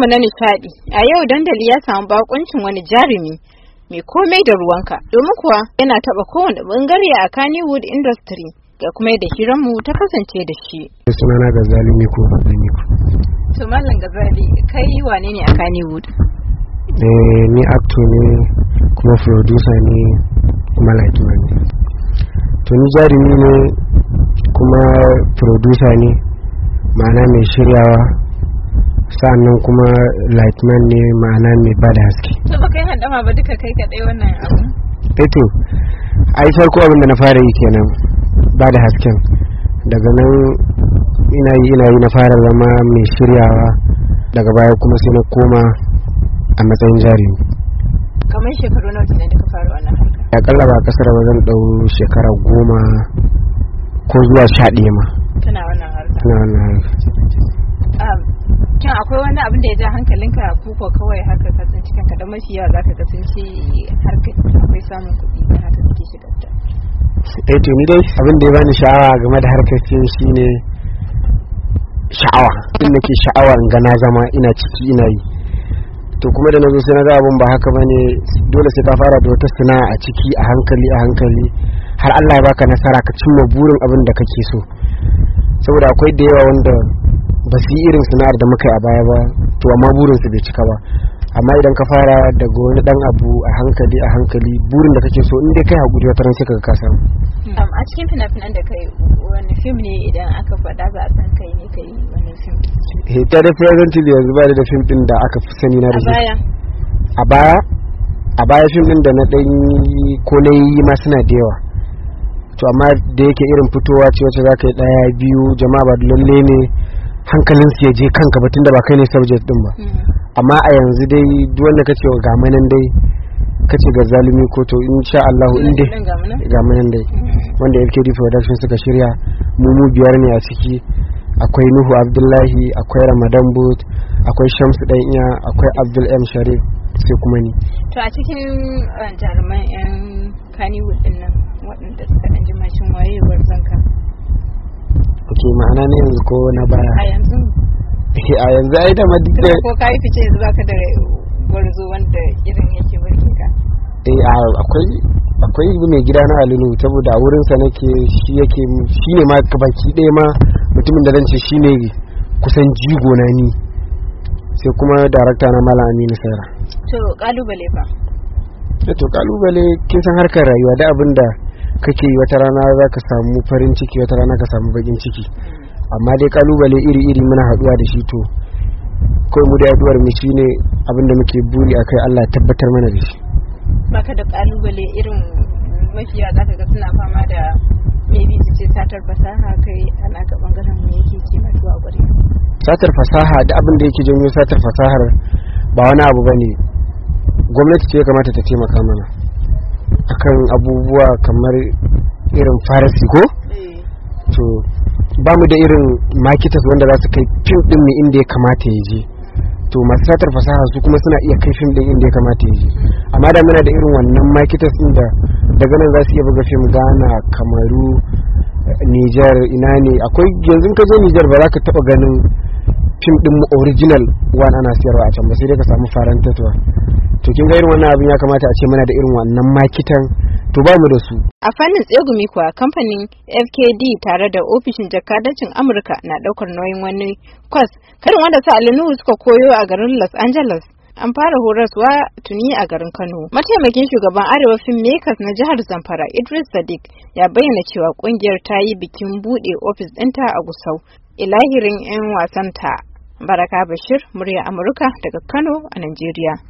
mu na nishadi a yau dandali ya samu bakuncin wani jarumi mai komai da ruwanka domin kuwa yana taba kowane bangare a Kannywood industry ga kuma yadda hiranmu ta kasance da shi. Sunana Gazali Miko Miko. To Mallam Gazali kai wane ne a Kannywood? Eh ni actor ne kuma producer ne kuma laituwa ne. To ni jarumi ne kuma producer ne ma'ana mai shiryawa sa'annan kuma lightman ne ma'ana mai ba da haske to ba kai hadama ba duka kai kadai wannan abu eto eh ai farko abin da na fara yi kenan ba da hasken daga nan ina yi ina yi na fara zama mai shiryawa daga baya kuma sai na koma a matsayin jarumi kamar shekaru nawa kenan da ka fara wannan harka akalla ba kasar ba zan dau shekara goma ko zuwa sha ma kana wannan harka kana wannan harka shin akwai wani abin da ya ja hankalinka ko ko kawai haka ka cikin ka da mafi yawa zaka ga sun ce har akwai samun kuɗi da haka suke shigar ta eh to ni dai abin da ya bani sha'awa game da harkar shi shine sha'awa in nake sha'awa in ga na zama ina ciki ina yi to kuma da na zo sai na ga abin ba haka bane dole sai ka fara da wata sana'a a ciki a hankali a hankali har Allah ya baka nasara ka cimma burin abin da kake so saboda akwai da yawa wanda ba su yi irin sana'ar da muka yi a baya ba to amma burinsu bai cika ba amma idan ka fara daga wani dan abu a hankali a hankali burin da kake so in dai kai hakuri wata ran sai ka ka samu hmm. a cikin fina-finan da kai wani fim ne idan aka faɗa ba a san kai ne kai wani fim he eh, ta da presently yanzu ba da fim din da aka fi sani na da a baya a baya fim din da na dan ko na yi ma suna da yawa to amma da yake irin fitowa ce wacce ka yi daya biyu jama'a ba lalle ne hankalin su ya je kanka ba tunda ba kai ne subject din ba hmm. amma a yanzu dai duk wanda kace wa ga manan dai kace ga zalimi ko to insha Allah in dai ga manan dai hmm. wanda FKD production suka shirya mu mu biyar ne a ciki akwai Nuhu Abdullahi akwai Ramadan Boot akwai Shamsu dan iya akwai Abdul M Sharif sai kuma ni to a cikin uh, jaruman yan Kannywood din nan waɗanda suka ɗan ji mashin wayewar zanka ma'ana na yanzu ko na baya a yanzu eh, a yanzu ai da madina ko kai fice yanzu baka da gwarzo wanda irin yake wurin ka eh akwai akwai mai gida na alilu wurin sa nake shi yake shi ne ma baki ɗaya ma mutumin da zance shi ne kusan jigo na ni sai kuma darakta na malam aminu sara to kalubale fa eh, to kalubale kin san harkar rayuwa da abin da kake wata rana za ka samu farin ciki wata rana ka samu bakin ciki amma dai kalubale iri-iri muna haduwa da shi to kawai mu da haduwar mu shine abinda muke buri akai Allah tabbatar mana da shi baka da kalubale irin mafiya za ka ga suna fama da maybe su ce satar fasaha kai ana ga bangaren mu yake ce matuwa gure satar fasaha da abin da yake janyo satar fasahar ba wani abu bane gwamnati ce ya kamata ta taimaka mana akan abubuwa kamar irin farasi ko eh. to ba mu da irin makitas wanda za su kai fim din ne inda ya kamata ya je to masu satar fasaha su kuma suna iya kai fim din inda ya kamata ya je amma da muna da irin wannan makitas din da daga nan za su iya buga fim Ghana Kamaru Niger ina ne akwai yanzu ka zo Niger ba za ka taba ganin fim din mu original one ana siyarwa a can ba sai dai ka samu farantatwa kin ga irin wannan abin ya kamata a ce mana da irin wannan makitan to ba mu da su a fannin tsegumi kuwa kamfanin fkd tare da ofishin jakadancin amurka na daukar nauyin wani kwas karin wanda sa alinuhu suka koyo a garin los angeles an fara horaswa tuni a garin Kano. Mataimakin shugaban Arewa Film Makers na jihar Zamfara Idris Sadiq ya bayyana cewa kungiyar ta yi bikin bude ofis ɗinta a Gusau. Ilahirin 'yan wasanta. Baraka Bashir, murya Amurka daga Kano a Najeriya.